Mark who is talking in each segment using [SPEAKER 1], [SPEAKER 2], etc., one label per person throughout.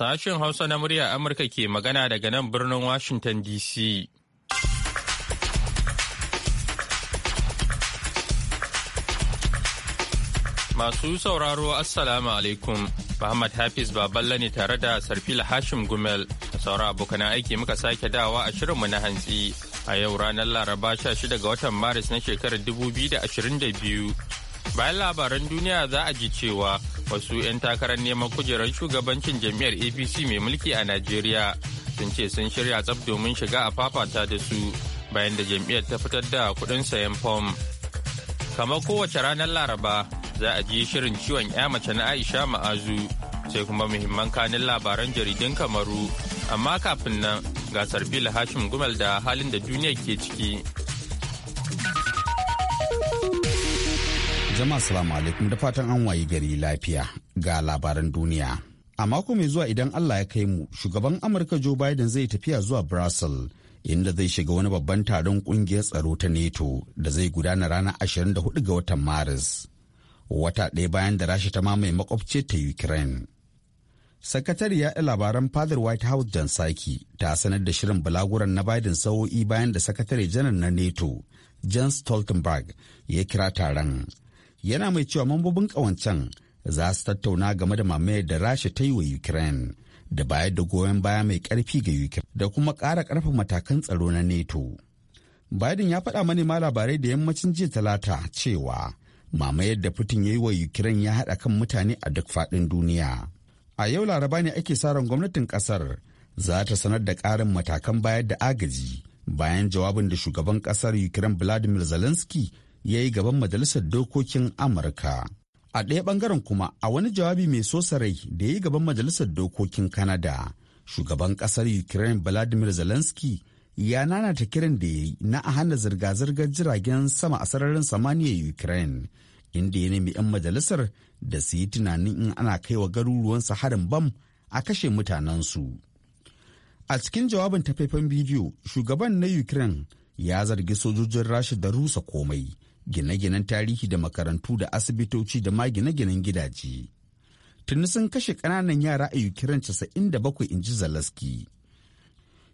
[SPEAKER 1] Sashen Hausa na murya Amurka ke magana daga nan birnin Washington DC. Masu sauraro Assalamu alaikum. Muhammad Hafiz Baballa ne tare da Sarfila Hashim Gumel. Saura abokan aiki muka sake dawa a shirinmu na hantsi a yau ranar Laraba 16 ga watan Maris na shekarar 2022. bayan labaran duniya za a ji cewa wasu 'yan takarar neman kujerar shugabancin jam'iyyar apc mai mulki a najeriya sun ce sun shirya tsab domin shiga a fafata da su bayan da jam'iyyar ta fitar da kuɗin sayan fom kamar kowace ranar laraba za a ji shirin ciwon ya mace na aisha ma'azu sai kuma muhimman kanin labaran jaridun kamaru amma kafin nan gasar bil hashim gumel da halin da duniya ke ciki
[SPEAKER 2] jama'a salamu alaikum da fatan an waye gari lafiya ga labaran duniya. A mako mai zuwa idan Allah ya kai mu, shugaban Amurka Joe Biden zai tafiya zuwa Brussels inda zai shiga wani babban taron kungiyar tsaro ta NATO da zai gudana ranar 24 ga watan Maris. Wata ɗaya bayan da Rasha ta mamaye makwabce ta Ukraine. Sakatariya labaran fadar White House John Saki ta sanar da shirin balaguran na Biden sa'o'i bayan da sakatare janar na NATO John Stoltenberg ya kira taron yana mai cewa mambobin ƙawancen za su tattauna game da mamayar da rasha ta yi wa ukraine da bayar da goyon baya mai karfi ga ukraine da kuma ƙara ƙarfin matakan tsaro na neto biden ya faɗa manema labarai da yammacin jiya talata cewa mamayar da putin ya yi wa ukraine ya haɗa kan mutane a duk faɗin duniya a yau laraba ne ake sa ran gwamnatin ƙasar za ta sanar da ƙarin matakan bayar da agaji bayan jawabin da shugaban ƙasar ukraine vladimir zelensky ya yi gaban majalisar dokokin amurka a ɗaya ɓangaren kuma a wani jawabi mai rai da ya yi gaban majalisar dokokin kanada shugaban ƙasar ukraine vladimir zelensky ya ta kiran da ya yi na a hana zirga-zirgar jiragen sama a sararin samaniya ukraine inda ya nemi 'yan majalisar da su yi tunanin in ana kai wa garuruwan sa harin bam a kashe mutanensu a cikin jawabin faifan bidiyo shugaban na ukraine ya zargi sojojin rasha da rusa komai gine-ginen tarihi da makarantu da asibitoci da ma gine-ginen gidaje. Tuni sun kashe ƙananan yara a Ukraine casa'in da bakwai in ji Zalaski.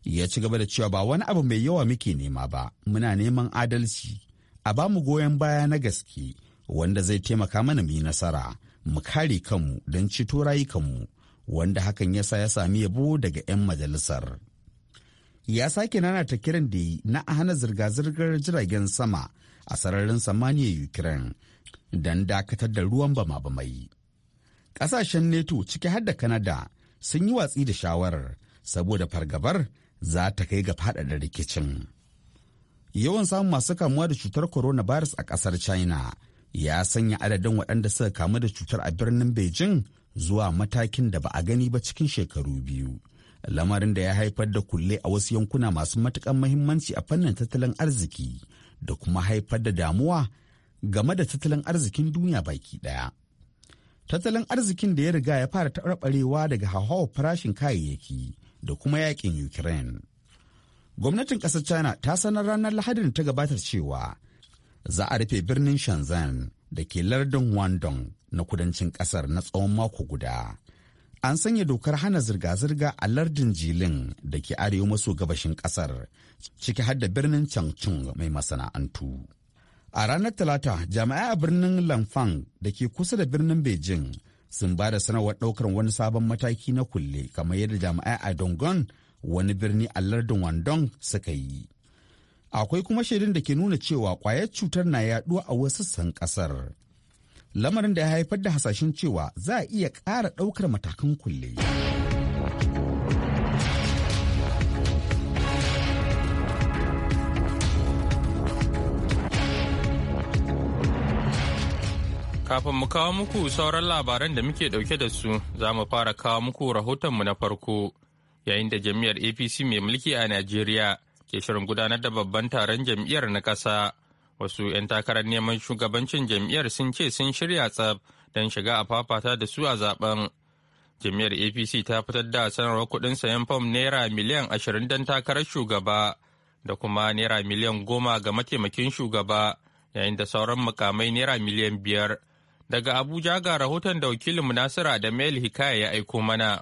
[SPEAKER 2] Ya ci gaba da cewa ba wani abu mai yawa muke nema ba, muna neman adalci, a ba mu goyon baya na gaske wanda zai taimaka mana mu yi nasara, mu kare kanmu don ceto rayukanmu, wanda hakan ya sa ya sami yabo daga 'yan majalisar. Ya sake nana ta kiran da yi na hana zirga-zirgar jiragen sama a sararin samaniya Ukraine don dakatar da ruwan bama-bamai. Ƙasashen neto ciki har da Canada sun yi watsi da shawarar saboda fargabar za ta kai ga faɗaɗa rikicin. Yawan samun masu kamuwa da cutar coronavirus a ƙasar China ya sanya adadin waɗanda suka kamu da cutar a birnin Beijing zuwa matakin da ba a gani ba cikin shekaru biyu. Lamarin da ya haifar da kulle a wasu yankuna masu matukan muhimmanci a fannin tattalin arziki da kuma haifar da damuwa game da tattalin arzikin duniya baki ɗaya. Tattalin arzikin da ya riga ya fara taɓarɓarewa daga hauhawar farashin kayayyaki da kuma yakin Ukraine. Gwamnatin ƙasar China ta sanar ranar Lahadin ta gabatar cewa za a rufe birnin Shenzhen da ke lardin Guangdong na kudancin ƙasar na tsawon mako guda an sanya dokar hana zirga-zirga a lardin jilin da ke arewa maso gabashin kasar ciki har da birnin changchun mai masana'antu a ranar talata jami'ai a birnin lanfang da ke kusa da birnin beijing sun ba da sanarwar ɗaukar wani sabon mataki na kulle kamar yadda jami'ai a dongon wani birni a lardin wandong suka yi akwai kuma shaidun da ke nuna cewa kwayar cutar na yaduwa a wasu sassan kasar lamarin da ya haifar da hasashen cewa za a iya ƙara ɗaukar matakan kulle.
[SPEAKER 1] Kafin mu kawo muku sauran labaran da muke ɗauke da su, za mu fara kawo muku rahotonmu na farko, yayin da jami'ar APC mai mulki a Najeriya ke shirin gudanar da babban taron jam'iyyar na ƙasa. wasu 'yan takarar neman shugabancin jam'iyyar sun ce sun shirya tsab don shiga a fafata da su a zaben jam'iyyar apc ta fitar da sanarwar kuɗin sayan fom naira miliyan ashirin don takarar shugaba da kuma naira miliyan goma ga mataimakin shugaba yayin da sauran mukamai naira miliyan biyar daga abuja ga rahoton da wakilin nasiru da mail hikaya ya aiko mana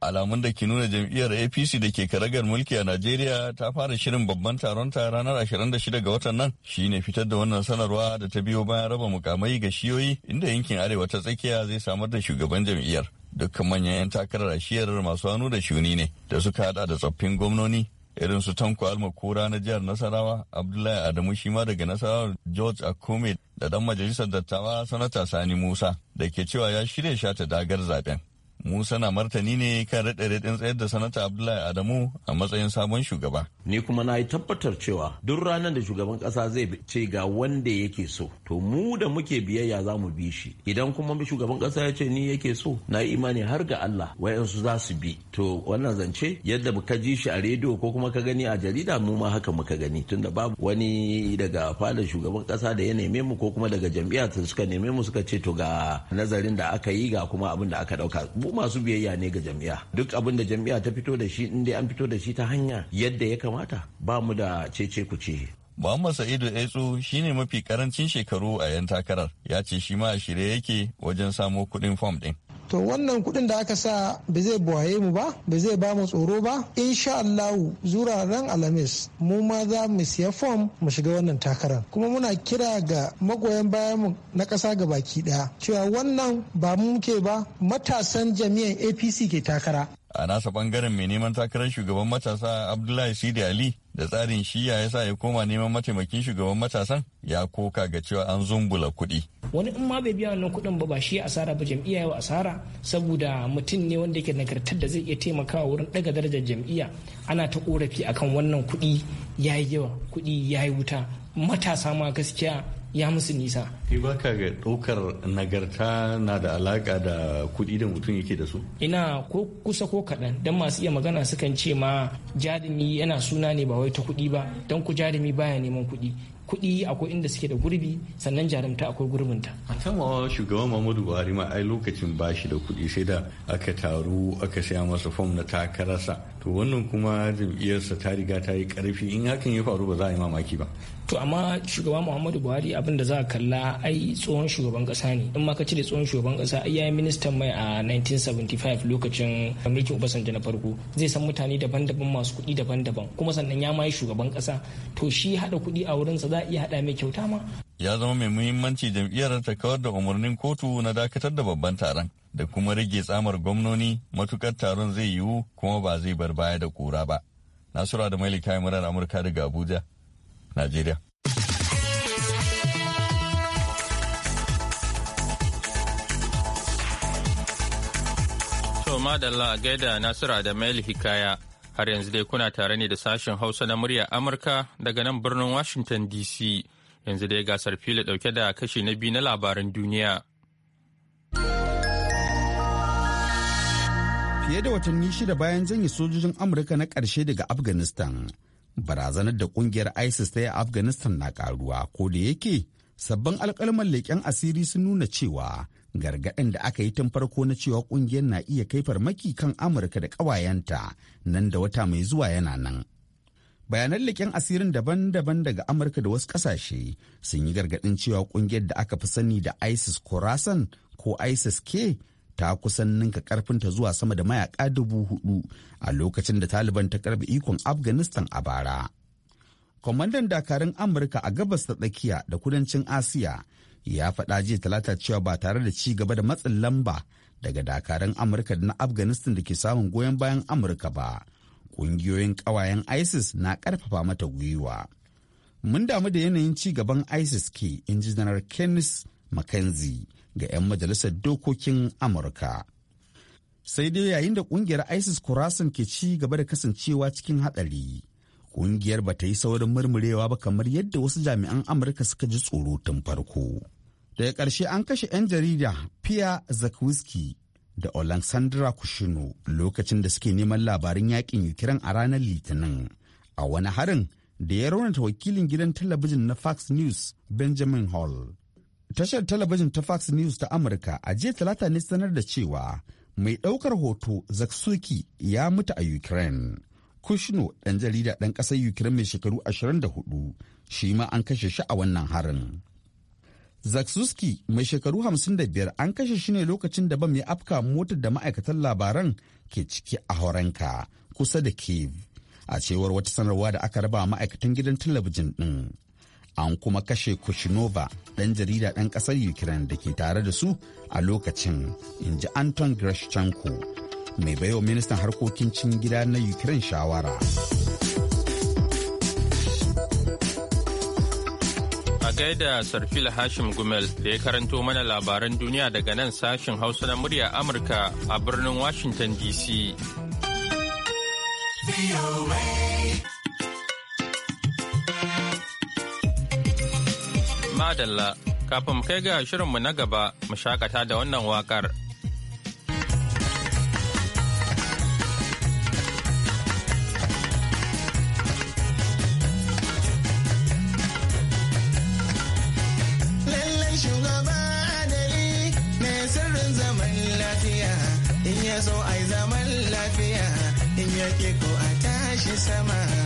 [SPEAKER 3] alamun da ke nuna jam'iyyar apc da ke karagar mulki a najeriya ta fara shirin babban taron ta ranar 26 ga watan nan shine fitar da wannan sanarwa da ta biyo bayan raba mukamai ga shiyoyi inda yankin arewa ta tsakiya zai samar da shugaban jam'iyyar dukkan manyan 'yan takarar ashiyar masu hannu da shuni ne da suka hada da tsoffin gwamnoni irin su tanko almakura na jihar nasarawa abdullahi adamu shima daga nasarawa george akume da dan majalisar dattawa sanata sani musa da ke cewa ya shirya shata dagar zaben Musa na martani ne kan rade raɗin tsayar da sanata Abdullahi Adamu a matsayin sabon shugaba. Ni kuma
[SPEAKER 4] na yi tabbatar cewa duk ranar da shugaban kasa zai ce ga wanda yake so. To mu da muke biyayya za mu bi shi. Idan kuma shugaban kasa ya ce ni yake so na yi imani har ga Allah wayansu za su bi. To wannan zance yadda ka ji shi a rediyo ko kuma ka gani a jarida mu ma haka muka gani tunda babu wani daga fadar shugaban kasa da ya neme mu ko kuma daga jam'iyya suka neme mu suka ce to ga nazarin da aka yi ga kuma abin da aka ɗauka. masu biyayya ne ga jam'iyya duk abin da jam'iyya ta fito da shi in dai an fito da shi ta hanya yadda ya kamata ba mu da cece ku ce
[SPEAKER 3] Muhammad Sa'idu aitsu shine mafi karancin shekaru a 'yan takarar ya ce shi ma a shirye yake wajen samo kuɗin fom ɗin.
[SPEAKER 5] to wannan kudin da aka sa ba zai buwaye mu ba ba zai ba mu tsoro ba insha Allahu zura ran alamis mu ma za mu siya fom mu shiga wannan takarar kuma muna kira ga magoyan bayan mu na kasa ga baki ɗaya cewa wannan ba mu muke ba matasan jami'an APC ke takara
[SPEAKER 3] a nasa bangaren mai neman takarar shugaban matasa Abdullahi Sidi Ali da tsarin shiya ya sa ya koma neman mataimakin shugaban matasan ya koka ga cewa an zumbula kuɗi.
[SPEAKER 6] wani in ma bai biya wannan kuɗin ba ba shi asara ba jam'iyya yau asara saboda mutum ne wanda yake nagartar da zai iya taimakawa wurin ɗaga darajar jam'iyya ana ta korafi akan wannan kuɗi ya yi yawa kuɗi ya yi wuta matasa ma gaskiya ya musu nisa
[SPEAKER 3] kai ba ka ga ɗaukar nagarta na da alaƙa da kuɗi da mutum yake da su
[SPEAKER 6] ina ko kusa ko kaɗan don masu iya magana sukan ce ma jarumi yana suna ne ba wai ta kuɗi ba don ku jarumi baya neman kuɗi kuɗi akwai inda suke da gurbi sannan jarumta akwai gurbinta.
[SPEAKER 3] a tamawa shugaban muhammadu buhari ma ai lokacin bashi da kuɗi sai da aka taru aka saya masa fom na takararsa to wannan kuma jam'iyyarsa ta riga ta yi karfi in hakan ya faru ba za a yi mamaki ba to amma shugaban muhammadu buhari abin da za a kalla ai
[SPEAKER 6] tsohon shugaban kasa ne in ma ka cire tsohon shugaban kasa ai yayi ministan mai a 1975 lokacin mulkin obasanjo na farko zai san mutane daban-daban masu kuɗi daban-daban kuma sannan ya mai shugaban kasa to shi hada kuɗi a wurin sa za a iya hada mai kyauta ma
[SPEAKER 3] ya zama mai muhimmanci jam'iyyar ta kawar da umarnin kotu na dakatar da babban taron da kuma rage tsamar gwamnoni matukar taron zai yiwu kuma ba zai bar baya da kura ba. Nasura da Malika murar Amurka daga Abuja, Najeriya.
[SPEAKER 1] Toma da Allah gaida Nasura da Mail Hikaya har yanzu dai kuna tare ne da sashen Hausa na murya Amurka daga nan birnin Washington DC. Yanzu dai gasar fili dauke da kashi na biyu na labaran duniya.
[SPEAKER 2] fiye da watanni shida bayan janye sojojin amurka na ƙarshe daga afghanistan barazanar da kungiyar isis ta yi afghanistan na karuwa ko da yake sabbin alkalman leƙen asiri sun nuna cewa gargaɗin da aka yi tun farko na cewa kungiyar na iya kai farmaki kan amurka da ƙawayenta nan da wata mai zuwa yana nan bayanan leƙen asirin daban-daban daga amurka da wasu ƙasashe sun yi gargaɗin cewa kungiyar da aka fi sani da isis khorasan ko isis k ta kusan ninka karfinta zuwa sama da mayaka dubu hudu a lokacin da taliban ta karbi ikon afghanistan a bara kwamandan dakarun amurka a gabas ta tsakiya da kudancin asiya ya faɗa jiya talata cewa ba tare da ci gaba da matsin lamba daga dakarun amurka da na afghanistan da ke samun goyon bayan amurka ba ƙungiyoyin ƙawayen isis na ƙarfafa mata gwiwa mun damu da yanayin ci gaban isis ke in ji kenneth makanzi ga 'yan majalisar dokokin amurka sai dai yayin da kungiyar isis kurasan ke ci gaba da kasancewa cikin hatsari kungiyar ba ta yi saurin murmurewa ba kamar yadda wasu jami'an amurka suka ji tsoro tun farko daga ƙarshe an kashe 'yan jarida pia zakwiski da Oleksandra Kushino lokacin da suke neman labarin yakin Ukraine a ranar Litinin a wani harin da ya raunata wakilin gidan talabijin na Fox News Benjamin Hall. Tashar talabijin ta Fox News ta Amurka a jiya talata ne sanar da cewa mai ɗaukar hoto Zaksuki ya mutu a Ukraine. Kushno ɗan jarida ɗan ƙasar Ukraine mai shekaru 24 shi ma an kashe shi a wannan harin. Zaksuski mai shekaru 55 an kashe shi ne lokacin da bam ya afka motar da ma'aikatan labaran ke ciki a horanka kusa da Kiev. A cewar wata sanarwa da aka raba ma'aikatan gidan talabijin ɗin. An kuma kashe Kushinova ɗan jarida ɗan ƙasar ukraine da ke tare da su a lokacin in ji anton grashchenko mai baiwa ministan harkokin cin gida na ukraine shawara
[SPEAKER 1] a gaida sarfil hashim gumel da ya karanto mana labaran duniya daga nan sashen hausa na murya amurka a birnin washington dc Madalla, kafin mu kai ga shirinmu na gaba mu shakata da wannan wakar.
[SPEAKER 5] so ai zaman lafiya in yake ko a tashi sama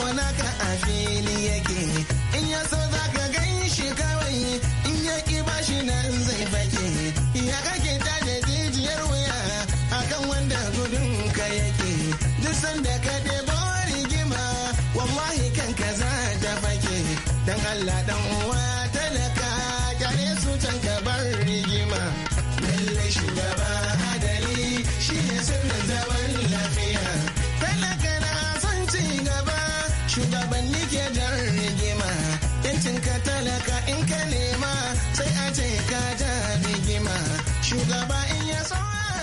[SPEAKER 5] ko naka a fili yake in ya so za ka gan shi kawai in ya ki ba shi nan zai fake ya kake ta da jijiyar wuya a kan wanda gudun ka yake duk sanda ka debo rigima wallahi kan ka za ta fake dan Allah dan uwa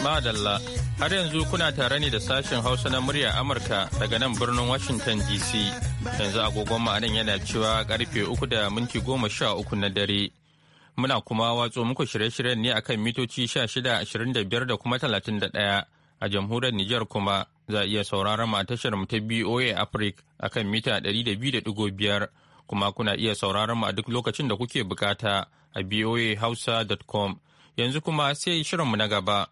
[SPEAKER 1] Madalla, har yanzu kuna tare ne da sashen Hausa na murya Amurka daga nan birnin Washington DC. Yanzu agogon ma'anin yana cewa karfe uku da minti goma sha uku na dare. Muna kuma watso muku shirye-shiryen ne akan mitoci sha shida ashirin da biyar da kuma talatin da ɗaya a jamhuriyar Nijar kuma za a iya sauraron mu a tashar mu ta BOA Africa akan mita ɗari da biyu da ɗigo biyar kuma kuna iya sauraron mu a duk lokacin da kuke bukata a boahausa.com yanzu kuma sai shirinmu na gaba.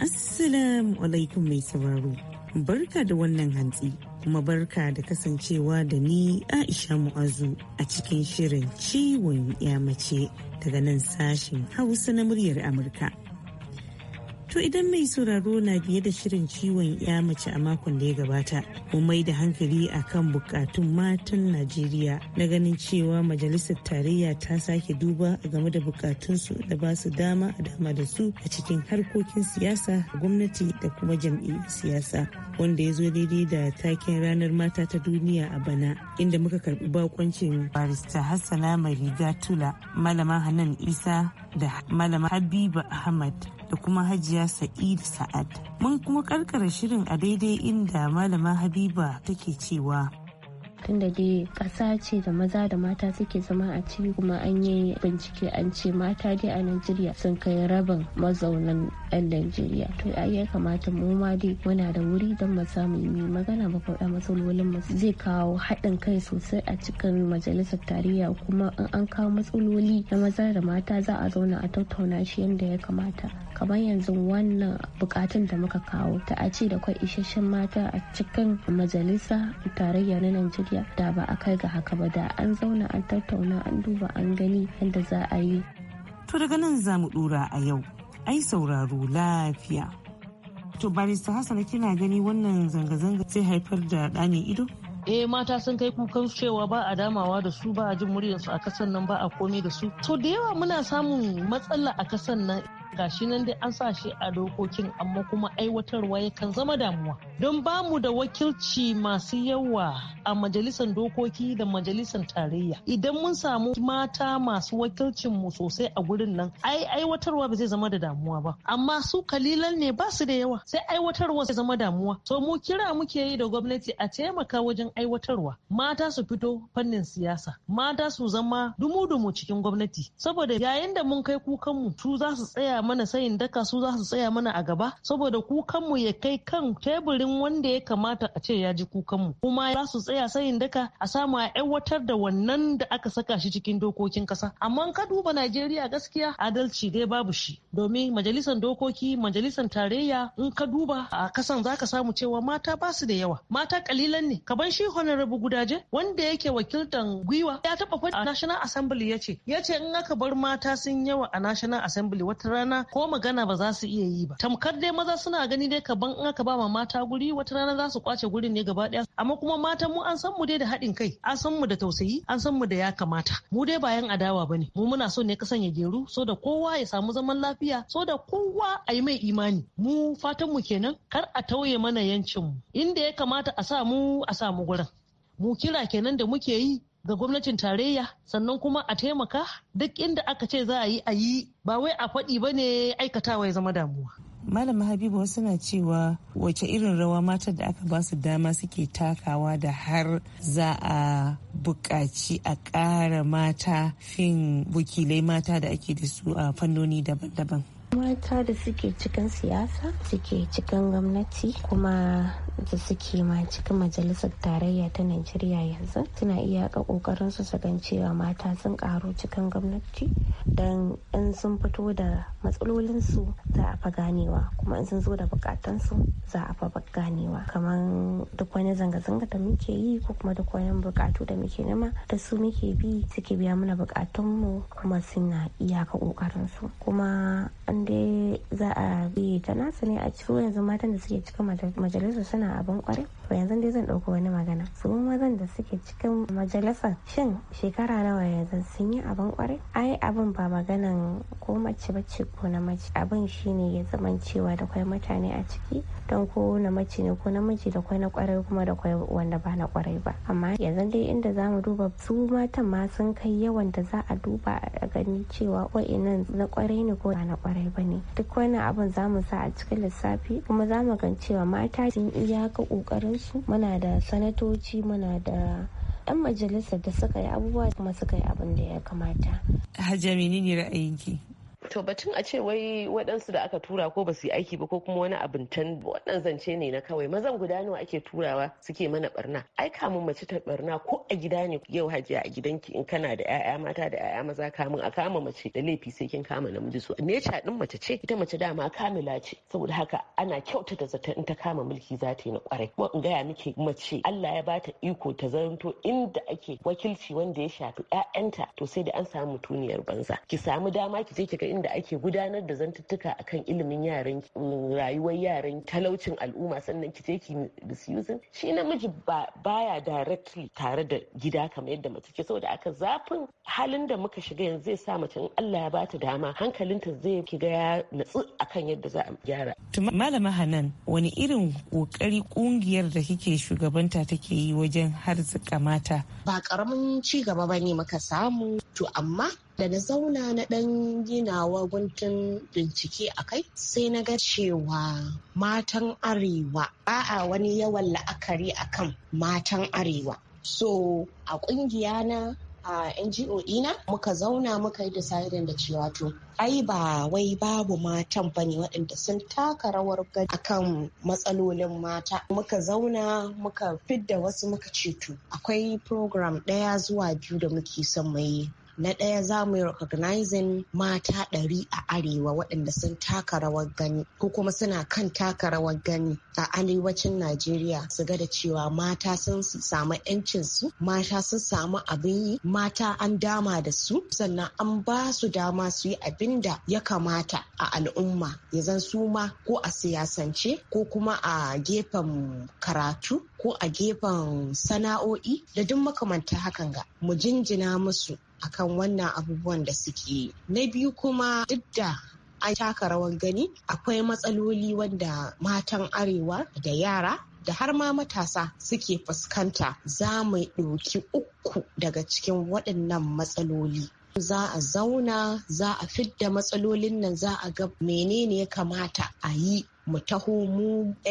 [SPEAKER 7] Assalamu alaikum mai sauraro. Barka da wannan hantsi kuma barka da kasancewa da ni Aisha Mu'azu a cikin shirin ciwon ya mace daga nan sashen Hausa na muryar Amurka. To idan mai sauraro na biye da shirin ciwon ya mace a makon da ya gabata, mu mai da hankali a kan bukatun matan Najeriya na ganin cewa majalisar tarayya ta sake duba game da bukatunsu da ba su dama a dama da su a cikin harkokin siyasa, gwamnati da kuma jam'i siyasa. Wanda ya zo daidai da taken ranar mata ta duniya a bana, inda muka karbi bakoncin barista Hassana Mariga Tula, malama hannan Isa da malama Habiba Ahmad. da kuma hajiya sa'id sa'ad mun kuma karkara shirin a daidai inda malama habiba take cewa
[SPEAKER 8] tun da dai ƙasa ce da maza da mata suke zama a ciki kuma an yi bincike an ce mata dai a Najeriya sun kai rabin mazaunan 'yan Najeriya. To ya kamata mu ma dai muna da wuri don mu samu yi magana ba faɗa matsalolin mu zai kawo haɗin kai sosai a cikin majalisar tarayya kuma in an kawo matsaloli na maza da mata za a zauna a tattauna shi yadda ya kamata. Kamar yanzu wannan bukatun da muka kawo ta a ce da kwai isasshen mata a cikin majalisa tarayya na Najeriya lafiya da ba a kai ga haka ba da an zauna an tattauna an duba an gani yadda za a yi
[SPEAKER 7] to daga nan za mu dura a yau ai sauraro lafiya to barista hasana kina gani wannan zanga-zanga zai haifar da ɗani ido
[SPEAKER 6] eh mata sun kai kukan cewa ba a damawa da su ba a jin muryarsu a kasan nan ba a komai da su to da yawa muna samun matsala a kasan nan gashi nan dai an sa shi a dokokin amma kuma aiwatarwa yakan zama damuwa don ba mu da wakilci masu yawa a majalisar dokoki da majalisar tarayya idan mun samu mata masu wakilcin mu sosai a gurin nan ai aiwatarwa ba zai zama da damuwa ba amma su kalilan ne ba su da yawa sai aiwatarwa zai zama damuwa to mu kira muke yi da gwamnati a taimaka wajen aiwatarwa mata su fito fannin siyasa mata su zama dumu-dumu cikin gwamnati saboda yayin da mun kai kukanmu su za su tsaya tsaya mana sayin daka su za su tsaya mana a gaba saboda kukanmu ya kai kan teburin wanda ya kamata a ce ya ji kukanmu kuma za su tsaya sayin daka a samu a aiwatar da wannan da aka saka shi cikin dokokin kasa amma ka duba najeriya gaskiya adalci dai babu shi domin majalisar dokoki majalisar tarayya in ka duba a kasan za ka samu cewa mata ba su da yawa mata kalilan ne ka ban shi honorable gudaje wanda yake wakiltan gwiwa ya taba faɗi a national assembly ya ce in aka bar mata sun yawa a national assembly wata rana rana ko magana ba za su iya yi ba tamkar dai maza suna gani dai kaban in aka ba ma mata guri wata rana za su kwace gurin ne gaba daya amma kuma matan mu an san mu dai da haɗin kai an san mu da tausayi an san mu da ya kamata mu dai bayan adawa bane mu muna so ne ka sanya geru so da kowa ya samu zaman lafiya so da kowa a yi mai imani mu fatan mu kenan kar a tauye mana yancin mu inda ya kamata a sa mu a samu gurin mu kira kenan da muke yi ga gwamnatin tarayya sannan kuma a taimaka duk inda aka ce za a yi a yi ba wai a faɗi ba ne aikatawa ya zama damuwa.
[SPEAKER 7] Malam Habibu wasu na cewa wace irin rawa matan da aka ba su dama suke takawa da har za a buƙaci a ƙara mata fin wakilai mata da ake da su a fannoni daban-daban.
[SPEAKER 8] mata da suke cikin siyasa suke cikin gwamnati kuma da suke ma cikin majalisar tarayya ta najeriya yanzu suna iyaka kokarin su su gan cewa mata sun karu cikin gwamnati don in sun fito da matsalolinsu za a fa ganewa kuma in sun zo da bukatansu za a fa ganewa kamar duk wani zanga-zanga da muke yi ko kuma duk wani bukatu da muke nema da su muke bi suke biya mana mu kuma suna iyaka su kuma an dai za a bi ta nasu ne a ciro yanzu matan da suke cikin majalisar suna magana abin kwarai to yanzu dai zan ɗauko wani magana su mazan da suke cikin majalisar shin shekara nawa yanzu sun yi abin kwarai ai abin ba maganan ko mace ba ce ko na mace abin shine ya zaman cewa da kwai mutane a ciki don ko na mace ne ko namiji da kwai na kwarai kuma da kwai wanda ba na kwarai ba amma yanzu dai inda za mu duba su matan ma sun kai yawan da za a duba a gani cewa wa'innan na kwarai ne ko ba na kwarai ba ne duk wani abin za mu sa a cikin lissafi kuma za mu gan cewa mata sun iyaka kokarin su muna da sanatoci muna da 'yan majalisar da suka yi abubuwa kuma suka yi abun da ya kamata.
[SPEAKER 9] Hajjami ne ra'ayinki. To batun a ce wai waɗansu da aka tura ko ba su yi aiki ba ko kuma wani abin can wannan zance ne na kawai mazan guda nawa ake turawa suke mana barna. Ai kamun mace ta barna ko a gida ne yau hajiya a gidanki in kana da 'ya'ya mata da 'ya'ya maza kamun a kama mace da laifi sai kin kama namiji su. Neca din mace ce ita mace dama kamila ce saboda haka ana kyauta da zata in ta kama mulki za ta yi na kwarai. Kuma in gaya miki mace Allah ya bata iko ta zanto inda ake wakilci wanda ya shafi ƴaƴanta to sai da an samu mutuniyar banza. Ki samu dama ki je ki ga da ake gudanar da zantuttuka akan ilimin yaran rayuwar yaran talaucin al'umma sannan ki je ki shi namiji baya directly tare da gida kamar yadda mace ke saboda aka zafin halin da muka shiga yanzu zai sa mace in Allah ya bata dama hankalinta zai ki ga ya natsu akan yadda za a gyara.
[SPEAKER 7] Malama Hanan wani irin kokari kungiyar da kike shugabanta take yi wajen harzika mata.
[SPEAKER 10] Ba karamin ci gaba bane muka samu to amma da na zauna na ɗan ginawa guntun bincike a kai sai na ga cewa matan arewa ba a wani yawan la'akari akan matan arewa so a ƙungiya na a ngo na muka zauna muka yi decidin da cewa to ai ba wai babu matan bane waɗanda sun taka rawar gani akan matsalolin mata muka zauna muka fidda wasu muka ce to akwai program ɗaya zuwa biyu da muke son mai na ɗaya za mu yi recognizing mata ɗari a arewa waɗanda sun taka rawar gani ko kuma suna kan taka rawar gani a arewacin najeriya su ga da cewa mata sun samu su mata sun samu abin yi mata an dama da su sannan an ba su dama su yi abin da ya kamata a al'umma ya zan su ma ko a siyasance ko kuma a gefen karatu ko a gefen sana'o'i da duk makamanta hakan ga mu jinjina musu akan wannan abubuwan da suke na biyu kuma duk da an taka rawar gani akwai matsaloli wanda matan arewa da yara da har ma matasa suke fuskanta za mu ɗauki uku daga cikin waɗannan matsaloli za a zauna za a fidda matsalolin nan za a ga menene ya kamata a yi mu taho mu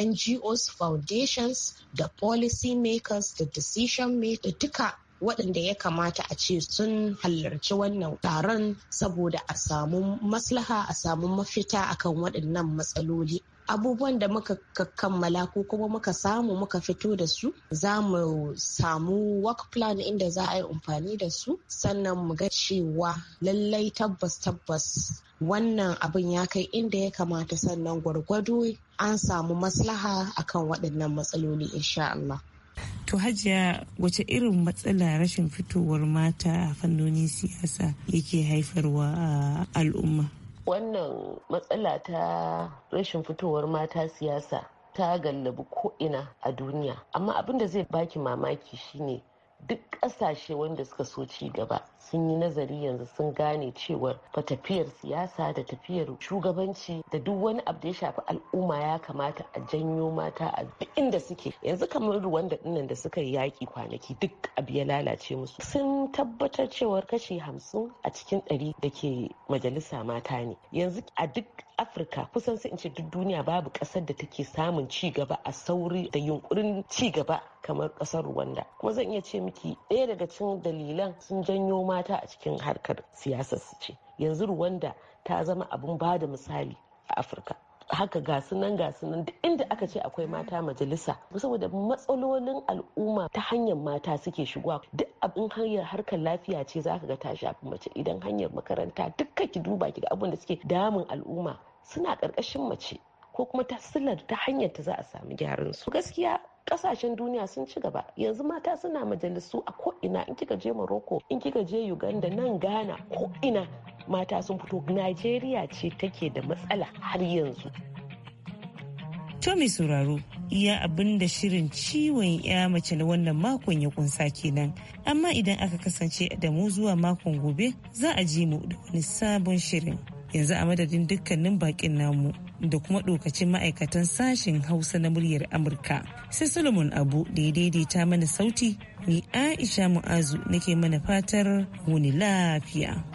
[SPEAKER 10] NGOs, foundations da policy makers da decision makers duka waɗanda ya kamata a ce sun halarci wannan taron saboda a samu maslaha a samu mafita akan waɗannan matsaloli abubuwan da muka kammala ko kuma muka samu muka fito da su za mu samu work plan inda za a yi amfani da su sannan mu ga cewa lallai tabbas tabbas wannan abin ya kai inda ya kamata sannan gwargwado an samu maslaha akan waɗannan matsaloli insha Allah.
[SPEAKER 7] To hajiya wace irin matsala rashin fitowar mata a fannonin siyasa yake haifarwa a al'umma?
[SPEAKER 9] Wannan matsala ta rashin fitowar mata siyasa ta gallabi ko'ina a duniya. Amma abin da zai baki mamaki shine duk ƙasashe wanda suka so ci gaba sun yi nazari yanzu sun gane cewa ba tafiyar siyasa da tafiyar shugabanci da duk wani abu da ya shafi al'umma ya kamata a janyo mata a duk inda suke yanzu kamar ruwanda dinnan da suka yi yaƙi kwanaki duk abu ya lalace musu sun tabbatar cewar kashi hamsin a cikin ɗari da ke majalisa mata ne yanzu a duk afirka kusan sai in ce duk duniya babu kasar da take samun ci gaba a sauri da yunkurin ci gaba kamar kasar rwanda kuma zan iya ce miki ɗaya daga cin dalilan sun janyo mata a cikin harkar siyasar su ce yanzu rwanda ta zama abin bada misali a afirka haka ga nan ga duk inda aka ce akwai mata majalisa saboda matsalolin al'umma ta hanyar mata suke shigowa duk abin hanyar harkar lafiya ce za ka ga ta shafi mace idan hanyar makaranta dukka ki duba ki ga abin da suke damun al'umma suna ƙarƙashin mace ko kuma ta silar ta hanyar ta za a samu gyaran su gaskiya kasashen duniya sun ci gaba yanzu mata suna majalisu a ko'ina in kika je morocco in kika je uganda nan ghana ko'ina mata sun fito najeriya ce take da matsala har yanzu
[SPEAKER 7] to mai sauraro iya abin da shirin ciwon ya mace na wannan makon ya kunsa kenan amma idan aka kasance da mu zuwa makon gobe za a ji mu da wani sabon shirin yanzu a madadin dukkanin bakin namu da kuma dokacin ma'aikatan sashen hausa na muryar amurka sai solomon abu da ya daidaita mana sauti ni aisha mu'azu nake mana fatar wuni lafiya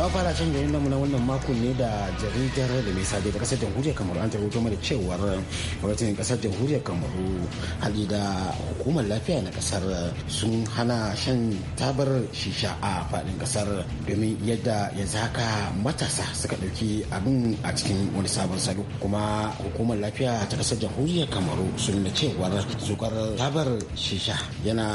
[SPEAKER 6] za fara cin da mu na
[SPEAKER 4] wannan makon ne da jaridar da mai sabi da kasar jamhuriyar kamaru an tarwato mana cewar gwamnatin kasar jamhuriyar kamaru hali da hukumar lafiya na kasar sun hana shan tabar shisha a faɗin kasar domin yadda yanzu haka matasa suka ɗauki abin a cikin wani sabon salo kuma hukumar lafiya ta kasar jamhuriyar kamaru sun nuna cewar zukar tabar shisha yana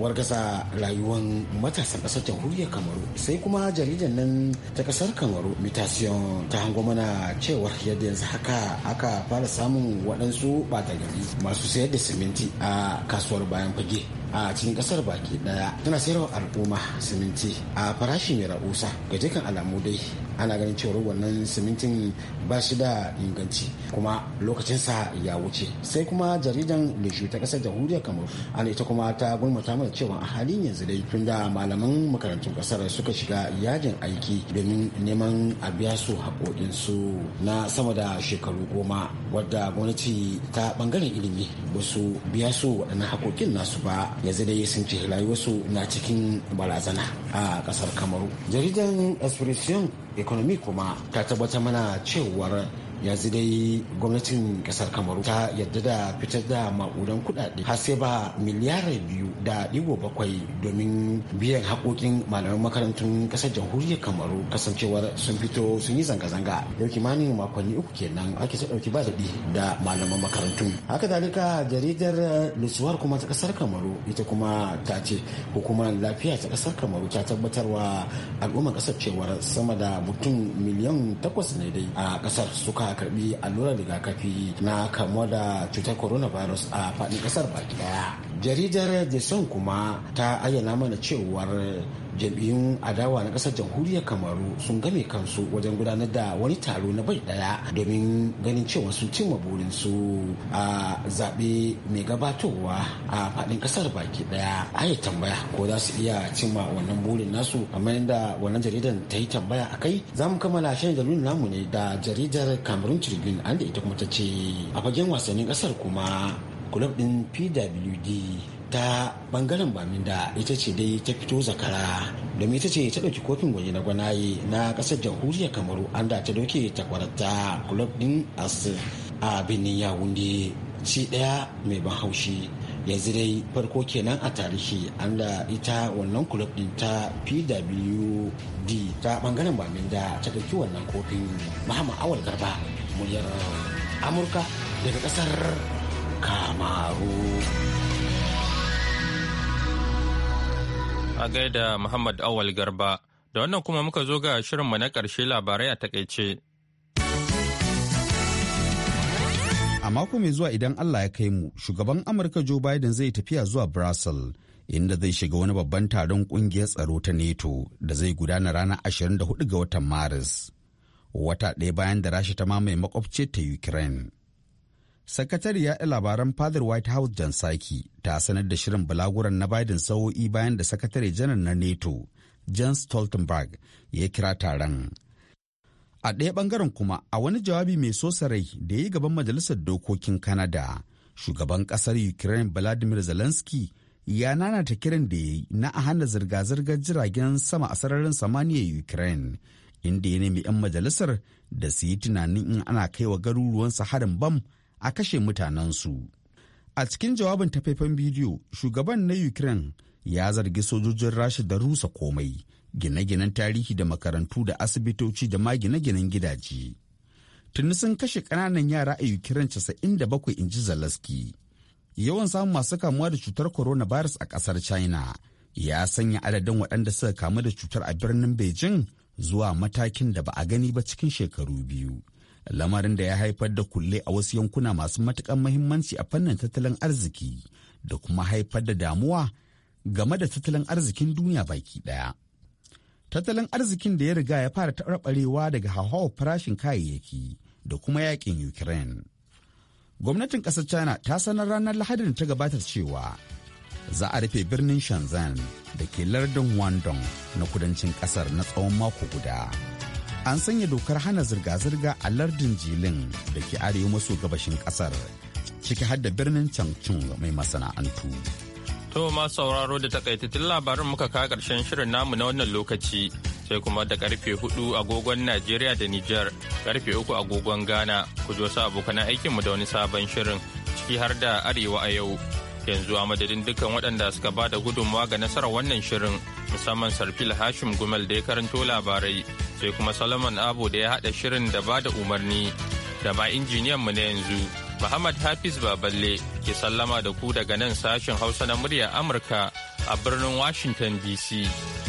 [SPEAKER 4] wargasa rayuwar matasan kasar jamhuriyar kamaru sai kuma jaridar nan ta kasar kamaru mutation ta hango mana cewar yadda yanzu haka aka fara samun waɗansu ta gari masu sayar da siminti a kasuwar bayan fage a cikin kasar baki daya tana sayarwa al'umma siminti a farashi mai rahusa ga dukkan alamu dai ana ganin cewar wannan simintin ba shi da inganci kuma lokacinsa ya wuce sai kuma jaridan shi ta kasar jamhuriyar kamaru ana ita kuma ta gulmata mana cewa a halin yanzu dai tun da malaman makarantun kasar suka shiga yajin aiki domin neman a biya su haƙoƙinsu na sama da shekaru goma wadda gwamnati ta bangaren ilimi wasu biya su waɗannan haƙoƙin nasu ba yanzu dai sun ce rayuwarsu na cikin barazana a kasar kamaru jaridan expression economy kuma ta tabbatar mana cewar ya yanzu dai gwamnatin kasar kamaru ta yadda da fitar da ma'udan kudade har sai ba miliyar biyu da ɗigo bakwai domin biyan haƙoƙin malaman makarantun kasar jamhuriyar kamaru kasancewar sun fito sun yi zanga-zanga yau kimanin makonni uku kenan ake ta ɗauki ba daɗi da malaman makarantun haka dalika jaridar lusuwar kuma ta kasar kamaru ita kuma ta ce hukumar lafiya ta kasar kamaru ta tabbatar wa al'ummar kasar cewar sama da mutum miliyan takwas ne dai a ƙasar suka a karbi allurar rigakafi na kamuwa da cutar coronavirus a faɗin ƙasar baki daya jaridar the sun kuma ta ayyana mana cewar jam'iyyun adawa na ƙasar jamhuriyar kamaru sun game kansu wajen gudanar da wani taro na bai ɗaya domin ganin cewa sun cimma burinsu a zaɓe mai gabatowa a faɗin kasar baki ɗaya a yi tambaya ko za su iya cimma wannan burin nasu kamar yadda wannan jaridar ta yi tambaya a kai za mu kammala shan jaridar namu ne da jaridar cameroon tribune an da ita kuma ta ce a fagen wasannin ƙasar kuma kulab ɗin pwd ta bangaren bamin da ita ce dai ta fito zakara domin ita ce ta ɗauki kofin waje na gwanaye na ƙasar jamhuriyar kamaru an da ta ɗauke takwarata club din asir a birnin yawunde ci ɗaya mai ban haushi yanzu dai farko kenan a tarihi an da ita wannan kulob din ta pwd ta bangaren bamin da ta ɗauki wannan kofin Mahama awal garba muryar amurka daga ƙasar kamaru
[SPEAKER 1] A gaida Muhammad Awal Garba, da wannan kuma muka zo ga shirinmu na ƙarshe labarai a takaice.
[SPEAKER 2] A mako mai zuwa idan Allah ya kai mu, shugaban Amurka Joe Biden zai tafiya zuwa Brussels, inda zai shiga wani babban taron ƙungiyar tsaro ta NATO da zai gudana ranar 24 ga watan Maris, wata ɗaya bayan da Rasha ta mamaye makwabce ta Ukraine. Sakatariyar labaran fadar White House john Saki ta sanar da shirin bulaguran na Biden sa'o'i bayan da sakatare janar na NATO Jan Stoltenberg ya kira taron. A ɗaya ɓangaren kuma a wani jawabi mai sosarai da ya yi gaban Majalisar Dokokin Kanada, shugaban ƙasar Ukraine Vladimir Zelensky ya nanata kiran da ya yi na a hana zirga-zirgar jiragen sama a sararin samaniya Ukraine. inda ya nemi 'yan majalisar da su yi tunanin in ana kai wa garuruwansa harin bam a kashe mutanensu. A cikin jawabin tafafen bidiyo, shugaban na Ukraine ya zargi sojojin Rasha da rusa komai, gine-ginen tarihi da makarantu da asibitoci da ma gine-ginen gidaje. Tuni sun kashe ƙananan yara a Ukraine bakwai in ji Zalaski. Yawan samun masu kamuwa da cutar corona virus a ƙasar China ya sanya adadin waɗanda suka kamu da cutar a birnin Beijing zuwa matakin da ba a gani ba cikin shekaru biyu. lamarin da ya haifar da kulle a wasu yankuna masu matukan mahimmanci a fannin tattalin arziki da kuma haifar da damuwa game da tattalin arzikin duniya baki daya. Tattalin arzikin da ya riga ya fara taɓarɓarewa daga hauhawar farashin kayayyaki da kuma yakin Ukraine. Gwamnatin ƙasar China ta sanar ranar Lahadin ta gabata cewa za a rufe birnin Shenzhen da ke lardin wandong na kudancin ƙasar na tsawon mako guda. an sanya dokar hana zirga-zirga a lardin jilin da ke arewa maso gabashin kasar ciki har da birnin cancun mai masana'antu
[SPEAKER 1] to ma sauraro da takaitattun labarin muka kawo karshen shirin namu na wannan lokaci sai kuma da karfe 4 agogon najeriya da niger karfe 3 agogon ghana ku zo wasu abokan mu da wani sabon shirin ciki har da arewa a yau yanzu a madadin dukkan waɗanda suka ba da gudunmawa ga nasarar wannan shirin musamman sarfil hashim gumel da ya karanto labarai sai kuma salaman abu da ya haɗa shirin da ba da umarni da ma injiniyan mu na yanzu muhammad hafiz baballe ke sallama da ku daga nan sashen hausa na muryar amurka a birnin washington dc